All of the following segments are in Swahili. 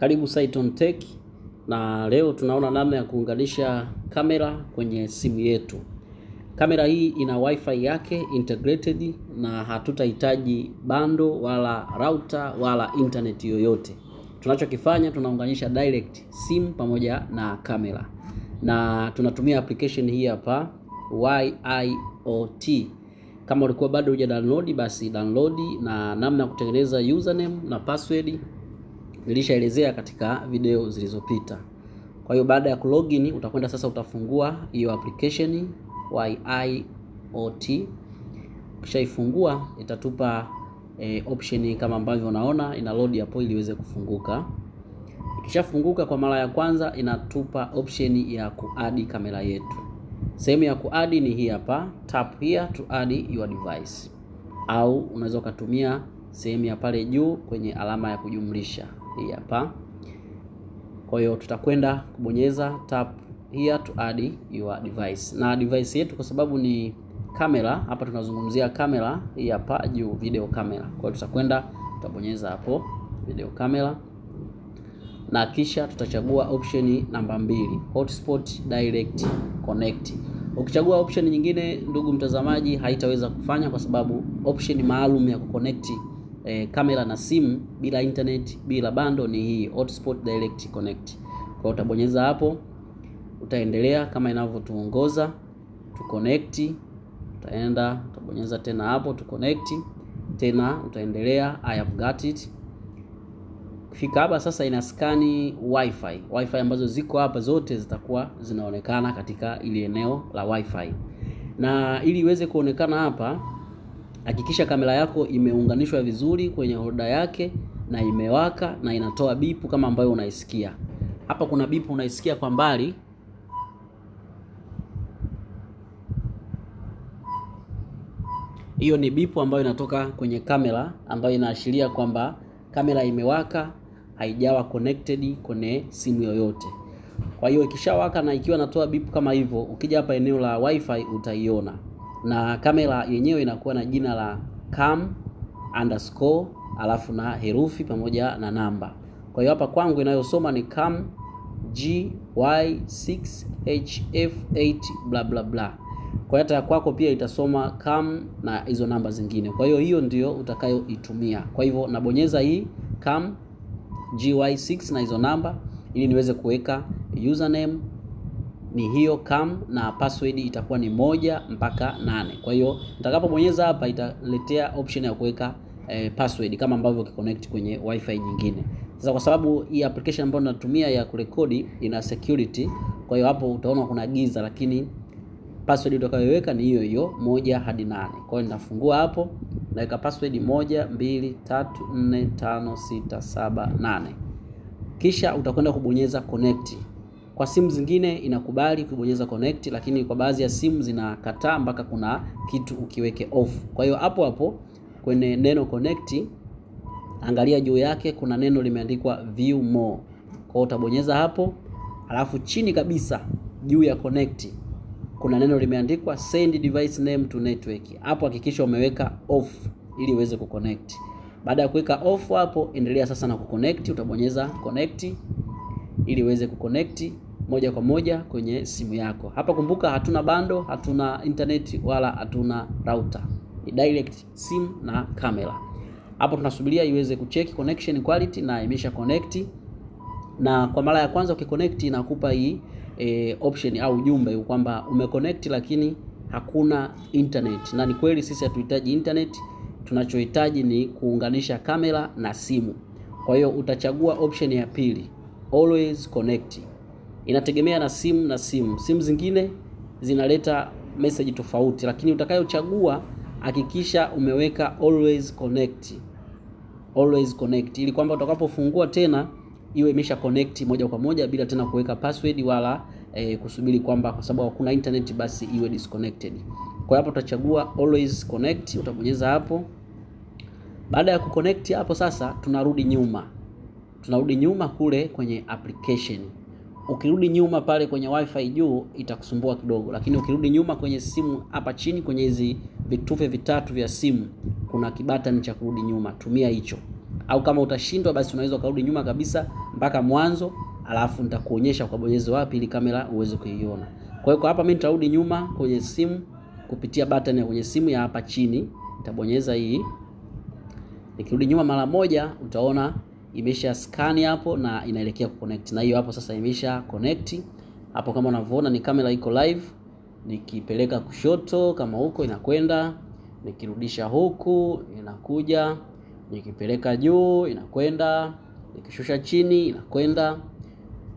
Karibu Saiton Tech na leo tunaona namna ya kuunganisha kamera kwenye simu yetu. Kamera hii ina wifi yake integrated na hatutahitaji bando wala router wala internet yoyote. Tunachokifanya tunaunganisha direct simu pamoja na kamera na tunatumia application hii hapa YIOT. Kama ulikuwa bado huja download, basi download, na namna ya kutengeneza username na password nilishaelezea katika video zilizopita. Kwa hiyo baada ya kulogin utakwenda sasa, utafungua hiyo application YIOT. Ukishaifungua itatupa e, option kama ambavyo unaona ina load hapo ili iweze kufunguka. Ikishafunguka kwa mara ya kwanza, inatupa option ya kuadi kamera yetu. Sehemu ya kuadi ni hii hapa, tap here to add your device, au unaweza ukatumia sehemu ya pale juu kwenye alama ya kujumlisha hii hapa. Kwa hiyo tutakwenda kubonyeza tap here to add your device, na device yetu kwa sababu ni kamera hapa, tunazungumzia kamera hii hapa juu, video kamera. Kwa hiyo tutakwenda tutabonyeza hapo video kamera na kisha tutachagua option namba mbili, hotspot direct connect. Ukichagua option nyingine, ndugu mtazamaji, haitaweza kufanya kwa sababu option maalum ya kuconnect e, kamera na simu bila internet bila bando ni hii hotspot direct connect. Kwa utabonyeza hapo, utaendelea kama inavyotuongoza tu connect, utaenda utabonyeza tena hapo tu connect tena, utaendelea I have got it. Fika hapa sasa, ina skani wifi wifi ambazo ziko hapa zote zitakuwa zinaonekana katika ili eneo la wifi, na ili iweze kuonekana hapa Hakikisha kamera yako imeunganishwa vizuri kwenye holder yake na imewaka na inatoa bipu kama ambayo unaisikia hapa. Kuna bipu unaisikia kwa mbali, hiyo ni bipu ambayo inatoka kwenye kamera ambayo inaashiria kwamba kamera imewaka, haijawa connected kwenye simu yoyote. Kwa hiyo ikishawaka na ikiwa natoa bipu kama hivyo, ukija hapa eneo la wifi utaiona na kamera yenyewe inakuwa na jina la cam underscore alafu na herufi pamoja na namba. Kwa hiyo hapa kwangu inayosoma ni cam GY6HF8 bla bla bla. Kwa hiyo hata kwako pia itasoma cam na hizo namba zingine. Kwa hiyo hiyo ndio utakayoitumia. Kwa hivyo nabonyeza hii cam GY6 na hizo namba ili niweze kuweka username ni hiyo cam na password itakuwa ni moja mpaka nane. Kwa hiyo nitakapobonyeza hapa italetea option ya kuweka e, password kama ambavyo ukiconnect kwenye wifi nyingine. Sasa kwa sababu hii application ambayo natumia ya kurekodi ina security, kwa hiyo hapo utaona kuna giza, lakini password utakayoweka ni hiyo hiyo moja hadi nane. Kwa hiyo nitafungua hapo, naweka password moja, mbili, tatu, nne, tano, sita, saba, nane, kisha utakwenda kubonyeza connect. Kwa simu zingine inakubali kubonyeza connect, lakini kwa baadhi ya simu zinakataa mpaka kuna kitu ukiweke off. Kwa hiyo hapo hapo kwenye neno connect, angalia juu yake kuna neno limeandikwa view more. Kwa hiyo utabonyeza hapo, alafu chini kabisa juu ya connect kuna neno limeandikwa send device name to network. Hapo hakikisha umeweka off ili uweze kuconnect. Baada ya kuweka off hapo, endelea sasa na kuconnect. Utabonyeza connect ili uweze kuconnect moja kwa moja kwenye simu yako. Hapa kumbuka, hatuna bando, hatuna internet wala hatuna router, ni direct simu na kamera. Hapo tunasubiria iweze kucheck connection quality na imesha connect, na kwa mara ya kwanza ukiconnect inakupa hii e, option au ujumbe kwamba umeconnect lakini hakuna internet, na ni kweli sisi hatuhitaji internet, tunachohitaji ni kuunganisha kamera na simu. Kwa hiyo utachagua option ya pili, always connect inategemea na simu na simu. Simu zingine zinaleta message tofauti, lakini utakayochagua hakikisha umeweka always connect, always connect, ili kwamba utakapofungua tena iwe imesha connect moja kwa moja bila tena kuweka password wala e, kusubiri kwamba kwa sababu hakuna internet basi iwe disconnected. Kwa hapo utachagua always connect, utabonyeza hapo. Baada ya kuconnect hapo sasa tunarudi nyuma, tunarudi nyuma kule kwenye application ukirudi nyuma pale kwenye wifi juu itakusumbua kidogo, lakini ukirudi nyuma kwenye simu hapa chini kwenye hizi vitufe vitatu vya simu kuna kibutton cha kurudi nyuma, tumia hicho. Au kama utashindwa, basi unaweza ukarudi nyuma kabisa mpaka mwanzo, alafu nitakuonyesha bonyezo wapi ili kamera uweze kuiona. Kwa hiyo hapa mimi nitarudi nyuma kwenye simu kupitia button ya kwenye simu ya hapa chini, nitabonyeza hii. Nikirudi nyuma mara moja, utaona imesha scan hapo na inaelekea kuconnect, na hiyo hapo sasa imesha connect hapo. Kama unavyoona ni kamera iko live, nikipeleka kushoto kama huko inakwenda, nikirudisha huku inakuja, nikipeleka juu inakwenda, nikishusha chini inakwenda.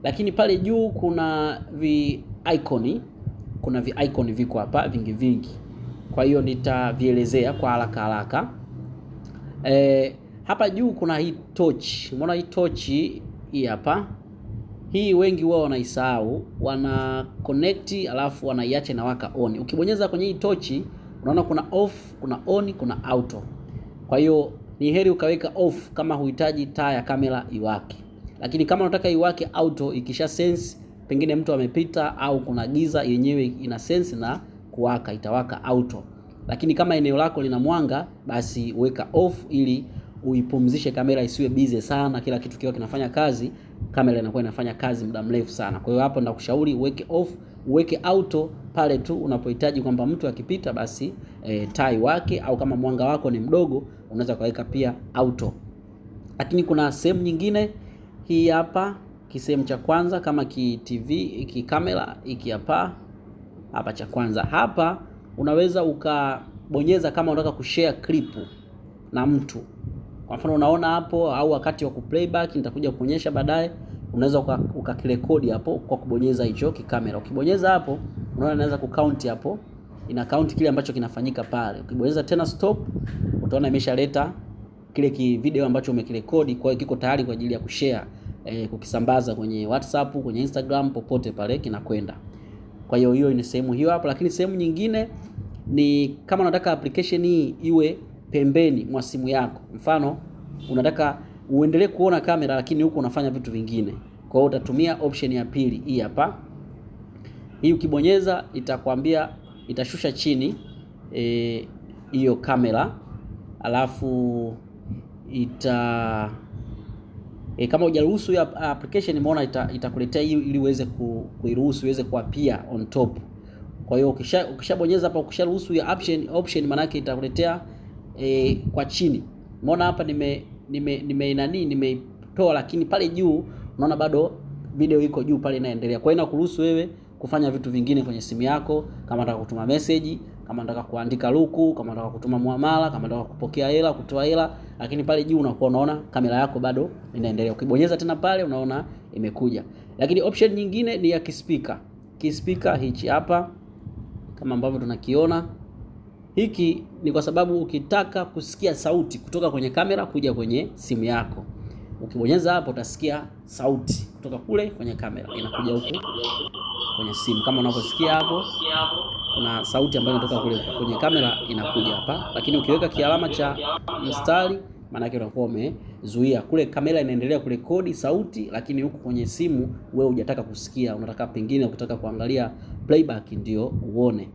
Lakini pale juu kuna vi icon, kuna vi icon viko hapa vingi vingi, kwa hiyo nitavielezea kwa haraka haraka eh hapa juu kuna hii torch. Umeona hii torch hii hapa. Hii wengi wao wanaisahau, wana connect alafu wanaiacha inawaka on. Ukibonyeza kwenye hii torch, unaona kuna off, kuna on, kuna auto. Kwa hiyo ni heri ukaweka off kama huhitaji taa ya kamera iwake. Lakini kama unataka iwake auto, ikisha sense pengine mtu amepita au kuna giza, yenyewe ina sense na kuwaka, itawaka auto. Lakini kama eneo lako lina mwanga, basi weka off ili uipumzishe kamera isiwe busy sana, kila kitu kiwa kinafanya kazi, kamera inakuwa inafanya kazi muda mrefu sana. Kwa hiyo hapo ndakushauri uweke off, uweke auto pale tu unapohitaji kwamba mtu akipita basi e, tai wake au kama mwanga wako ni mdogo unaweza kaweka pia auto. Lakini kuna sehemu nyingine hii hapa, kisehemu cha kwanza kama ki TV iki kamera iki hapa hapa, cha kwanza hapa unaweza ukabonyeza kama unataka kushare clip na mtu kwa mfano unaona hapo, au wakati wa kuplayback nitakuja kuonyesha baadaye, unaweza ukakirekodi hapo kwa kubonyeza hicho kikamera. Ukibonyeza hapo, unaona inaweza kucount hapo, ina count kile ambacho kinafanyika pale. Ukibonyeza tena stop, utaona imeshaleta kile ki video ambacho umekirekodi, kwa hiyo kiko tayari kwa ajili ya kushare e, kukisambaza kwenye WhatsApp, kwenye Instagram, popote pale kinakwenda. Kwa hiyo hiyo ni sehemu hiyo hapo, lakini sehemu nyingine ni kama unataka application hii iwe pembeni mwa simu yako. Mfano, unataka uendelee kuona kamera lakini huko unafanya vitu vingine. Kwa hiyo utatumia option ya pili hii hapa. Hii ukibonyeza itakwambia itashusha chini eh, hiyo e, kamera alafu ita e, kama hujaruhusu ya application imeona itakuletea ita ili uweze kuiruhusu iweze kuapia on top. Kwa hiyo ukishabonyeza ukisha hapa ukisharuhusu ya option option, maanake itakuletea e, kwa chini. Umeona hapa nime nime nime nani nimeitoa, lakini pale juu unaona bado video iko juu pale inaendelea. Kwa hiyo inakuruhusu wewe kufanya vitu vingine kwenye simu yako, kama nataka kutuma message, kama nataka kuandika luku, kama nataka kutuma muamala, kama nataka kupokea hela, kutoa hela, lakini pale juu unakuwa unaona kamera yako bado inaendelea. Ukibonyeza tena pale unaona imekuja. Lakini option nyingine ni ya kispika. Kispika hichi hapa kama ambavyo tunakiona hiki ni kwa sababu ukitaka kusikia sauti kutoka kwenye kamera kuja kwenye simu yako, ukibonyeza hapo utasikia sauti kutoka kule kwenye kamera inakuja huku kwenye simu, kama unavyosikia hapo, kuna sauti ambayo inatoka kule kwenye kamera inakuja hapa. Lakini ukiweka kialama cha mstari, maanake unakuwa umezuia kule, kamera inaendelea kurekodi sauti, lakini huku kwenye simu wewe hujataka kusikia, unataka pengine, ukitaka kuangalia playback ndio uone.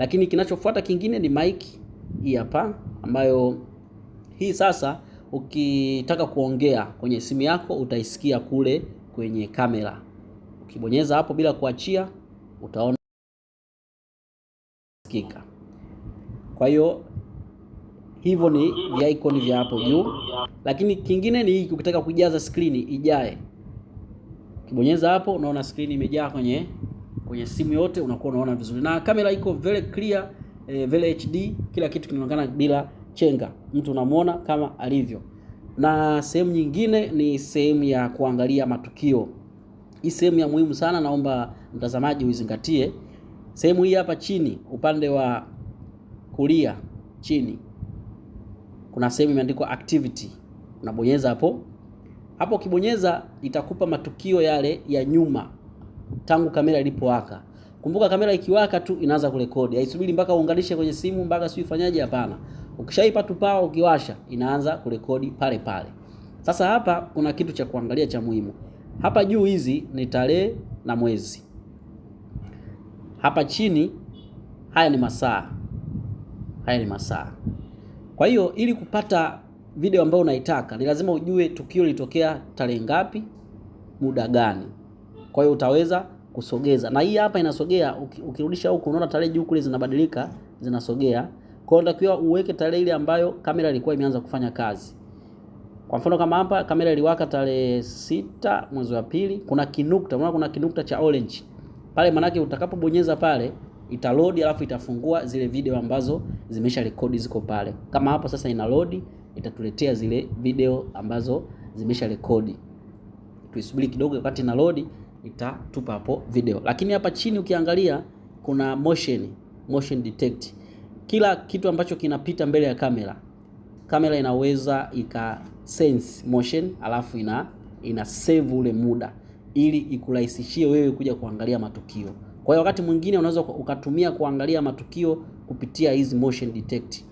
Lakini kinachofuata kingine ni mic hii hapa, ambayo hii sasa ukitaka kuongea kwenye simu yako utaisikia kule kwenye kamera. Ukibonyeza hapo bila kuachia, utaona sikika. Kwa hiyo hivyo ni vya icon vya hapo juu, lakini kingine ni hiki, ukitaka kujaza skrini ijae, ukibonyeza hapo unaona skrini imejaa kwenye kwenye simu yote unakuwa unaona vizuri, na kamera iko very clear eh, very HD, kila kitu kinaonekana bila chenga, mtu unamuona kama alivyo. Na sehemu nyingine ni sehemu ya kuangalia matukio. Hii sehemu ya muhimu sana, naomba mtazamaji uizingatie. Sehemu hii hapa chini upande wa kulia chini kuna sehemu imeandikwa activity, unabonyeza hapo hapo. Ukibonyeza itakupa matukio yale ya nyuma tangu kamera ilipowaka. Kumbuka kamera ikiwaka tu inaanza kurekodi, haisubiri mpaka uunganishe kwenye simu mpaka sio ifanyaje? Hapana, ukishaipa tu pao, ukiwasha inaanza kurekodi pale pale. Sasa hapa kuna kitu cha kuangalia cha muhimu. Hapa juu hizi ni tarehe na mwezi, hapa chini haya ni masaa, haya ni masaa. Kwa hiyo ili kupata video ambayo unaitaka ni lazima ujue tukio lilitokea tarehe ngapi, muda gani. Kwa hiyo utaweza kusogeza, na hii hapa inasogea. Ukirudisha huku, unaona tarehe juu kule zinabadilika, zinasogea. Kwa hiyo unatakiwa uweke tarehe ile ambayo kamera ilikuwa imeanza kufanya kazi. Kwa mfano kama hapa kamera iliwaka tarehe sita mwezi wa pili, kuna kinukta, unaona kuna kinukta cha orange pale, manake utakapobonyeza pale ita load alafu itafungua zile video ambazo zimesha rekodi ziko pale. Kama hapa sasa ina load, itatuletea zile video ambazo zimesha rekodi. Tuisubiri kidogo, wakati ina load itatupa hapo video. Lakini hapa chini ukiangalia kuna motion, motion detect. Kila kitu ambacho kinapita mbele ya kamera, kamera inaweza ika sense motion, alafu ina ina save ule muda ili ikurahisishie wewe kuja kuangalia matukio. Kwa hiyo wakati mwingine unaweza ukatumia kuangalia matukio kupitia hizi motion detect.